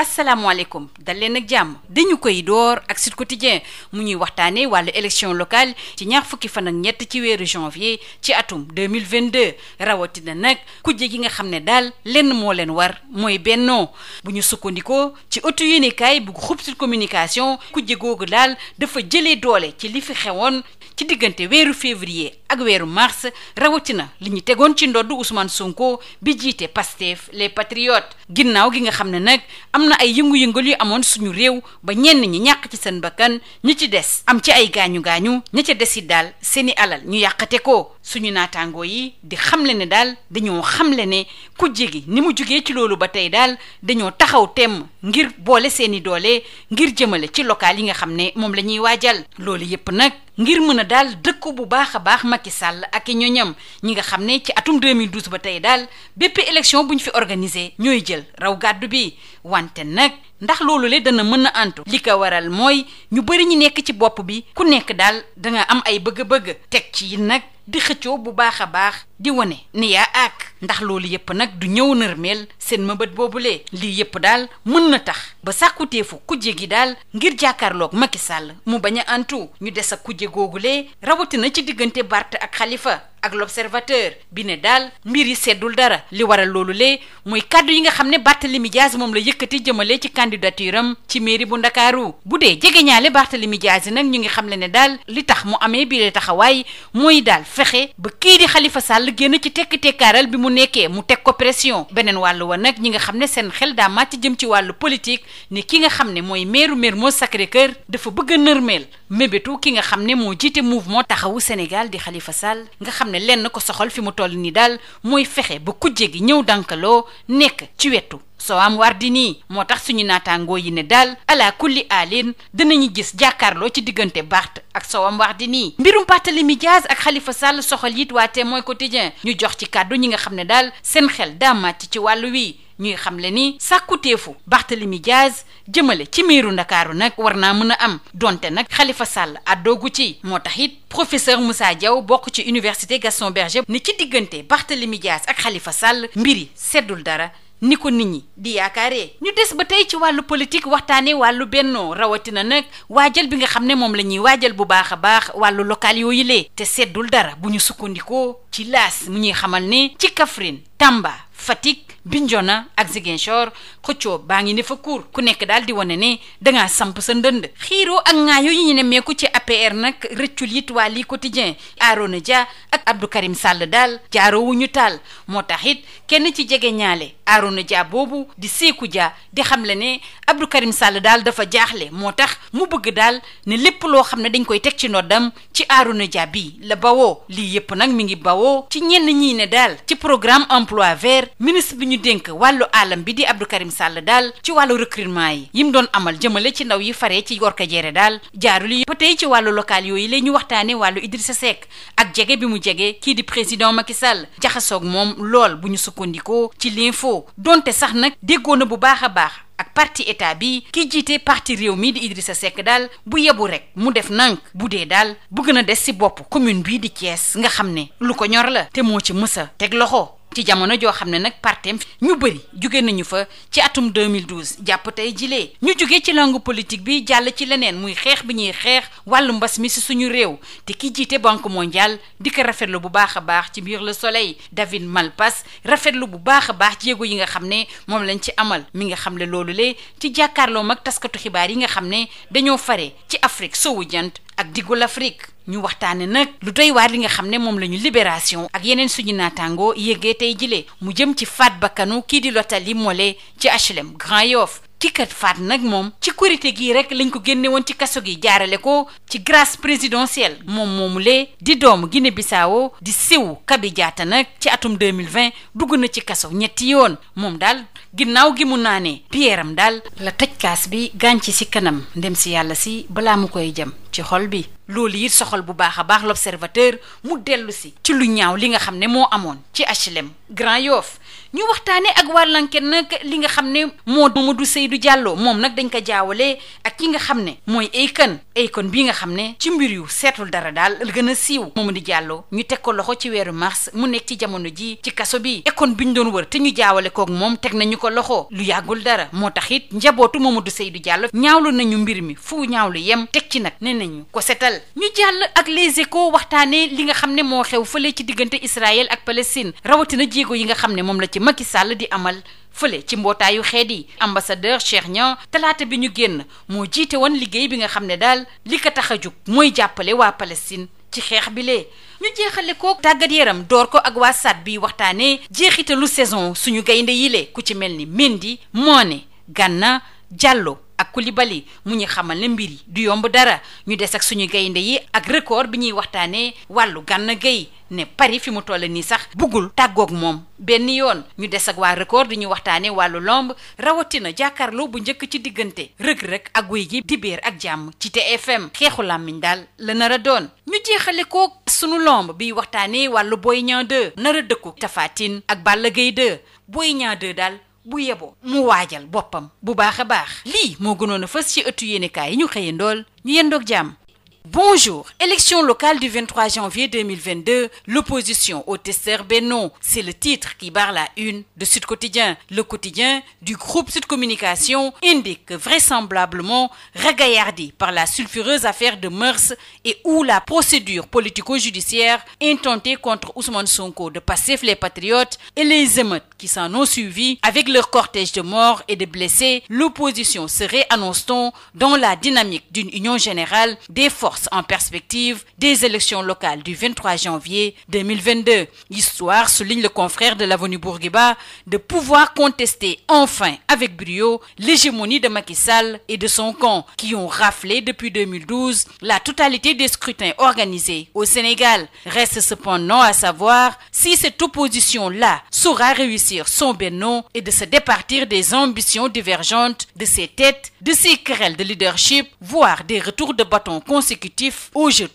asalaamaaleykum dal leen ak jàmm dañu koy door ak Sud Quotidien mu ñuy waxtaanee wàllu élection locale ci ñaar fukki fan ak ñett ci weeru janvier ci atum 2022 rawatina nag kujje gi nga xam ne daal lenn moo leen war mooy bennoo bu ñu sukkandikoo ci auto yéenekaay bu groupe Sud Communication kujje googu daal dafa jëlee doole ci li fi xewoon ci diggante weeru février ak weeru mars rawatina li ñu tegoon ci ndodd Ousmane Sonko bi jiite Pastef les patriotes ginnaaw gi nga xam ne nag am na ay yëngu-yëngal yu amoon suñu réew ba ñenn ñi ñàkk ci seen bakkan ñi ci des am ci ay gaañu gaañu ña ca des it daal seeni alal ñu yàqate ko suñu naataangoo yi di xamle ne daal dañoo xamle ne kujje gi ni mu jógee ci loolu ba tey daal dañoo taxaw temm ngir boole seeni doole ngir jëmale ci local yi nga xam ne moom la ñuy waajal loolu yépp nag ngir mën a daal dëkk bu baax a baax ki Sall ak i ñoñam ñi nga xam ne ci atum 2012 ba tey daal bépp élection bu ñu fi organisé ñooy jël raw gàddu bi wante nag ndax loolu le dana mën a antu li ko waral mooy ñu bëri ñu nekk ci bopp bi ku nekk daal danga am ay bëgg-bëgg teg ci nag di xëccoo bu baax a baax di wane ni yaa àkk ndax loolu yépp nag du ñëw nërmeel seen boobu lee lii yépp daal mën na tax ba sàkkuteefu kujje gi daal ngir jàkkaarloog Macky sàll mu bañ a antu ñu des ak kujje googulee rawatina ci diggante Barth ak xalifa ak l'observateur bi ne daal mbir yi seddul dara li waral loolu le mooy kàddu yi nga xam ne Barthélemy Dias moom la yëkkati jëmale ci candidature am ci mairie bu Ndakaaru bu dee jege ñaale Barthélemy Dias yi nag ñu ngi xam ne ne daal li tax mu amee biile taxawaay mooy daal fexe ba kii di Khalifa Sall génn ci tekk-tekkaaral bi mu nekkee mu teg ko pression beneen wàll wa nag ñi nga xam ne seen xel daa màcc jëm ci wàllu politique ne ki nga xam ne mooy meeru Mermoz Sacré-Cœur dafa bëgg a mébétu ki nga xam ne moo jiite mouvement taxawu Sénégal di Khalifa Sall nga xam xam ne lenn ko soxal fi mu toll nii daal mooy fexe ba kujje gi ñëw dankaloo nekk ci wetu soo am war di nii moo tax suñu naataangoo yi ne daal ala kulli aalin dinañu gis jàkkaarloo ci diggante Barth ak soo am wax di nii mbirum mi Dias ak Khalifa Sall soxal it waa Témoin Quotidien ñu jox ci kàddu ñi nga xam ne daal seen xel daa màcc ci wàll wii ñuy xamle ni sàkkuteefu Barthélemy Diaz jëmale ci miiru ndakaaru nag war naa mën a am donte nag Khalifa Sall àddoogu ci moo tax it professeur mussa Diaw bokk ci université Gaston Berger ni ci diggante Barthélemy Diaz ak Khalifa Sall mbiri seddul dara ni ko nit ñi di yaakaaree ñu des ba tey ci wàllu politique waxtaanee wàllu bennoo rawatina nag waajal bi nga xam ne moom la ñuy waajal bu baax a baax wàllu local yooyu lee te seddul dara bu ñu sukkandikoo ci laas mu ñuy xamal ne ci Kaffrine Tamba Fatick Bignona ak Ziguinchor xëccoo baa ngi ne fa kuur ku nekk daal di wane ne dangaa samp sa ndënd xiiroo ak ŋaayoo yi ñu ne meeku ci APR na rëccul it waa lii quotidien Arona Dia ak Abdou Karim Sall daal wu ñu taal moo tax it kenn ci jege ñaale Arona Dia boobu di Sékou Dia di xamle ne Abdou Sall daal dafa jaaxle moo tax mu bëgg daal ne lépp loo xam ne dañ koy teg ci dam ci Arona Dia bi la bawoo lii yëpp nag mi ngi bawoo ci ñenn ñii ci programme emploi ñu dénk wàllu alam bi di Abdou Karim Sall daal ci wàllu recrutement yi yim doon amal jëmale ci ndaw yi faree ci Gorka Jeere daal jaarul yi ba tey ci wàllu local yooyu la ñu waxtaane wàllu sa Seck ak jege bi mu jege kii di président Macky Sall jaxasoog moom lool bu ñu sukkandikoo ci l'info donte sax nag déggoo na bu baax a baax ak parti état bi ki jiite parti réew mii di sa Seck daal bu yebu rek mu def nank bu dee daal gën a des ci bopp commune bii di Thiès nga xam ne lu ko ñor la te moo ci mësa teg loxo ci jamono joo xam ne nag partem ñu bëri jóge nañu fa ci atum 2012 jàpp tey jilee ñu jóge ci langue politique bi jàll ci leneen muy xeex bi ñuy xeex wàllu mbas mi si suñu réew te ki jiite banque mondiale di ko rafetlu bu baax a baax ci biir le soleil David Malpass rafetlu bu baax a baax jéego yi nga xam ne moom lañ ci amal mi nga xam ne loolu le ci jàkkaarloo mag taskatu xibaar yi nga xam ne dañoo fare ci Afrique sowu jant ak diggu l'Afrique ñu waxtaane nag lu doy waar li nga xam ne moom la ñu libération ak yeneen suñu naataango yëgee tey jilee mu jëm ci faat bakkanu kii di lotal yi Mole ci HLM Grand Yoff ki kat faat nag moom ci korite gii rek lañ ko génne woon ci kaso gi jaarale ko ci grâce présidentielle moom moomulee di doomu Guinée Bissau di siw Kabi Jaata nag ci atum 2020 dugg na ci kaso ñetti yoon moom daal ginnaaw gi mu naanee pierre-am daal la tëj kaas bi gaañ ci si kanam ndem si yàlla si balaa mu koy jëm ci xol bi loolu it soxal bu baax a baax l'observateur mu dellusi ci lu ñaaw li nga xam ne moo amoon ci HLM Grand Yoff ñu waxtaanee ak waa Lanket nag li nga xam ne moo du Mamadou Seydou Diallo moom nag dañ ko jaawale ak ki nga xam ne mooy Akon Akon bii nga xam ne ci mbir yu seetul dara daal gën a siiw Mamadou Diallo ñu teg ko loxo ci weeru mars mu nekk ci jamono ji ci kaso bi Akon bi ñu doon wër te ñu jaawale koog moom teg nañu ko loxo lu yàggul dara moo tax it njabootu sey Seydou Diallo ñaawlu nañu mbir mi fu ñaawlu yem teg ci nag ne nañu ko setal ñu jàll ak les échos waxtaanee li nga xam ne moo xew fële ci diggante Israël ak Palestine rawatina jéego yi nga xam ne moom la ci gi sàll di amal fële ci mbootaayu xeet yi ambassadeur Cheikh ña talaata bi ñu génn moo jiite woon liggéey bi nga xam ne daal li ko tax a jug mooy jàppale waa Palestine ci xeex bi lee ñu jeexale ko tàggat yaram door ko ak waa saat bi waxtaanee jeexitalu saison suñu gaynde yi lee ku ci mel ni Mendy Mané Gana jàlloo ak ku Koulibaly mu ñu xamal ne mbir yi du yomb dara ñu des ak suñu gaynde yi ak record bi ñuy waxtaanee wàllu Gana Gueye ne Paris fi mu toll nii sax buggul tàggook moom benn yoon ñu des ak waa record di ñu waxtaanee wàllu lomb rawatina jàkkarloo bu njëkk ci diggante rëg-rëg ak guy gi dibéer ak jàmm ci TFM xeexu làmmiñ daal la nar a doon ñu jeexale ko suñu lomb biy waxtaanee wàllu booy Niang nar a dëkku Tapha ak bàll Gaye 2 Boy Niang daal bu yeboo mu waajal boppam bu baax a baax lii moo gënoon a fës ci ëttu yéenekaay yi ñu xëyee xëyandool ñu yendoog jàmm Bonjour. Élection locale du 23 janvier 2022, l'opposition au tester Benno, c'est le titre qui barre la une de Sud Quotidien. Le quotidien du groupe Sud Communication indique vraisemblablement ragaillardé par la sulfureuse affaire de mœurs et où la procédure politico-judiciaire intentée contre Ousmane Sonko de Passif les Patriotes et les émeutes qui s'en ont suivi avec leur cortège de morts et de blessés, l'opposition serait, annonce-t-on, dans la dynamique d'une union générale des mars en perspective des élections locales du 23 janvier 2022. L'histoire souligne le confrère de l'avenue Bourguiba de pouvoir contester enfin avec brio l'hégémonie de Macky Sall et de son camp qui ont raflé depuis 2012 la totalité des scrutins organisés au Sénégal. Reste cependant à savoir si cette opposition-là saura réussir son bénin et de se départir des ambitions divergentes de ses têtes, de ses querelles de leadership, voire des retours de bâton consécutifs aux jeux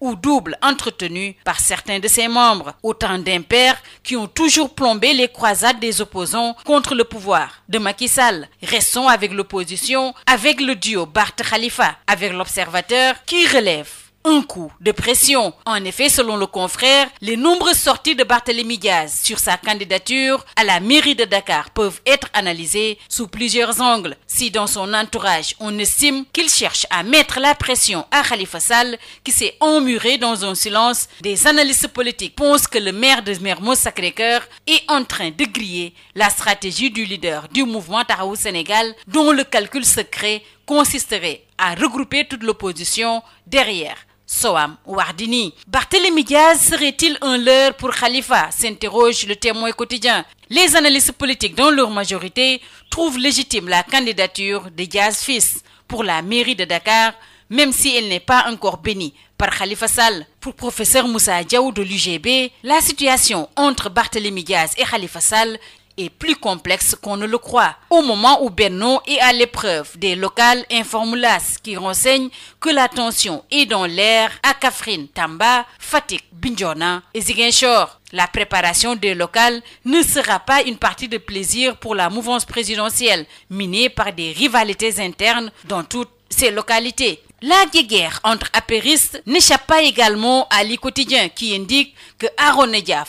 ou doubles entretenus par certains de ses membres, autant d'impairs qui ont toujours plombé les croisades des opposants contre le pouvoir de Macky Sall. Restons avec l'opposition, avec le duo Barth Khalifa, avec l'observateur qui relève un coup de pression. En effet, selon le confrère, les nombreuses sorties de Barthélémy Diaz sur sa candidature à la mairie de Dakar peuvent être analysées sous plusieurs angles. Si dans son entourage, on estime qu'il cherche à mettre la pression à Khalifa Sall, qui s'est emmuré dans un silence, des analystes politiques pensent que le maire de Mermoz Sacré-Cœur est en train de griller la stratégie du leader du mouvement Taxawu Sénégal, dont le calcul secret consisterait à regrouper toute l'opposition derrière Soham Wardini. Barthélémy Diaz serait-il un leurre pour Khalifa? s'interroge le témoin quotidien. Les analystes politiques, dans leur majorité, trouvent légitime la candidature de Diaz fils pour la mairie de Dakar, même si elle n'est pas encore bénie par Khalifa Sall. Pour professeur Moussa Diaw de l'UGB, la situation entre Barthélémy Diaz et Khalifa Sall est plus complexe qu'on ne le croit. Au moment où Benno est à l'épreuve des locales, informe l'AS qui renseigne que la tension est dans l'air à Kaffrine, Tamba, Fatick, Bignona et Ziguinchor. La préparation des locales ne sera pas une partie de plaisir pour la mouvance présidentielle, minée par des rivalités internes dans toutes ces localités. La guerre entre apéristes n'échappe pas également à l'I Quotidien qui indique que Aronedia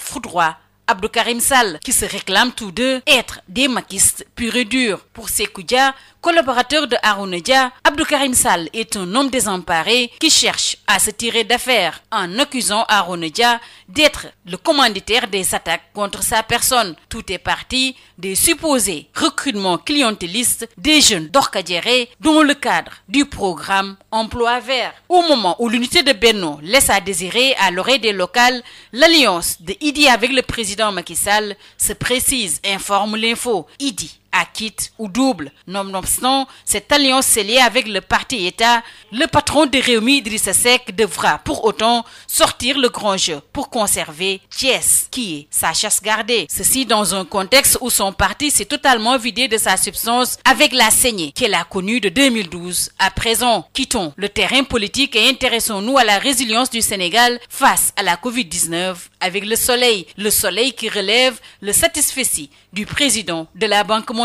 Abdou Karim Sall, qui se réclament tous deux être des maquistes purs et durs. Pour Sékou Dia, collaborateur de Harouna Dia, Abdou Karim Sall est un homme désemparé qui cherche à se tirer d'affaire en accusant Harouna Dia d'être le commanditaire des attaques contre sa personne. Tout est parti des supposés recrutements clientélistes des jeunes d'Orkadiéré dans le cadre du programme Emploi vert. Au moment où l'unité de Benno laisse à désirer à l'oreille des locales, l'alliance de Idi avec le président Macky Sall se précise, informe l'info. Idi à quitte ou double. Nonobstant, cette alliance scellée avec le parti État, le patron de Rewmi Idrissa Seck devra pour autant sortir le grand jeu pour conserver Thiès, qui est sa chasse gardée. Ceci dans un contexte où son parti s'est totalement vidé de sa substance avec la saignée qu'elle a connue de 2012 à présent. Quittons le terrain politique et intéressons-nous à la résilience du Sénégal face à la Covid-19 avec le soleil, le soleil qui relève le satisfecit du président de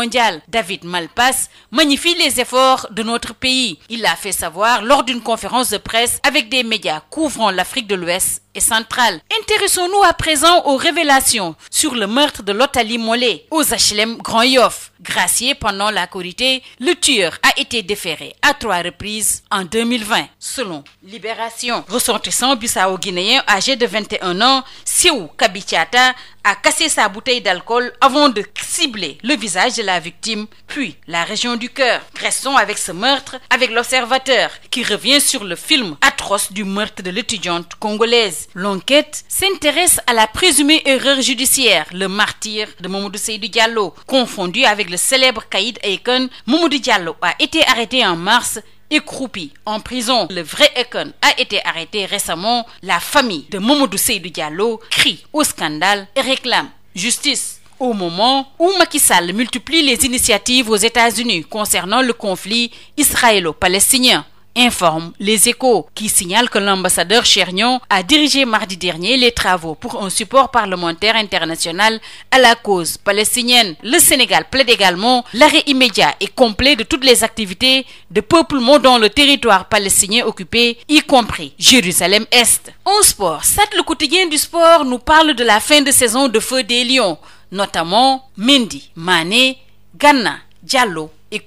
mondiale. David Malpass magnifie les efforts de notre pays. Il l'a fait savoir lors d'une conférence de presse avec des médias couvrant l'Afrique de l'Ouest est centrale. Intéressons-nous à présent aux révélations sur le meurtre de Lotali Mollet aux HLM Grand Yoff. Gracié pendant la Korité, le tueur a été déféré à trois reprises en 2020, selon Libération. Ressortissant bissau-guinéen âgé de 21 ans, Siou Kabitiata a cassé sa bouteille d'alcool avant de cibler le visage de la victime, puis la région du cœur. Restons avec ce meurtre avec l'observateur qui revient sur le film. atroce du meurtre de l'étudiante congolaise. L'enquête s'intéresse à la présumée erreur judiciaire, le martyr de Mamadou Seydou Diallo, confondu avec le célèbre caïd Eken. Mamadou Diallo a été arrêté en mars écroupi en prison. Le vrai Eken a été arrêté récemment. La famille de Mamadou Seydou Diallo crie au scandale et réclame justice. Au moment où Macky multiplie les initiatives aux États-Unis concernant le conflit israélo-palestinien. informe Les Échos, qui signale que l'ambassadeur Chernion a dirigé mardi dernier les travaux pour un support parlementaire international à la cause palestinienne. Le Sénégal plaide également l'arrêt immédiat et complet de toutes les activités de peuplement dans le territoire palestinien occupé, y compris Jérusalem-Est. En sport, Sat le quotidien du sport nous parle de la fin de saison de feu des Lions, notamment Mendy, Mané, Ghana, Diallo et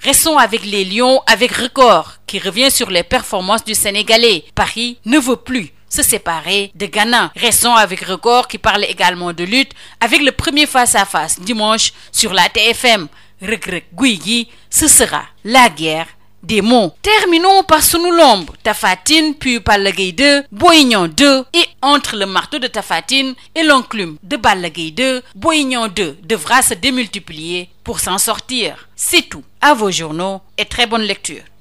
Restons avec les Lions avec record qui revient sur les performances du Sénégalais. Paris ne veut plus se séparer de Ghana. Restons avec Record qui parle également de lutte avec le premier face-à-face -face dimanche sur la TFM. Regrette Guigui, ce sera la guerre des mots. Terminons par Sunu Lamb, Tafatine, puis Balla Gaye 2, Boy Niang 2 et entre le marteau de Tafatine et l'enclume de Balla Gaye 2, Boy Niang 2 devra se démultiplier pour s'en sortir. C'est tout. À vos journaux et très bonne lecture.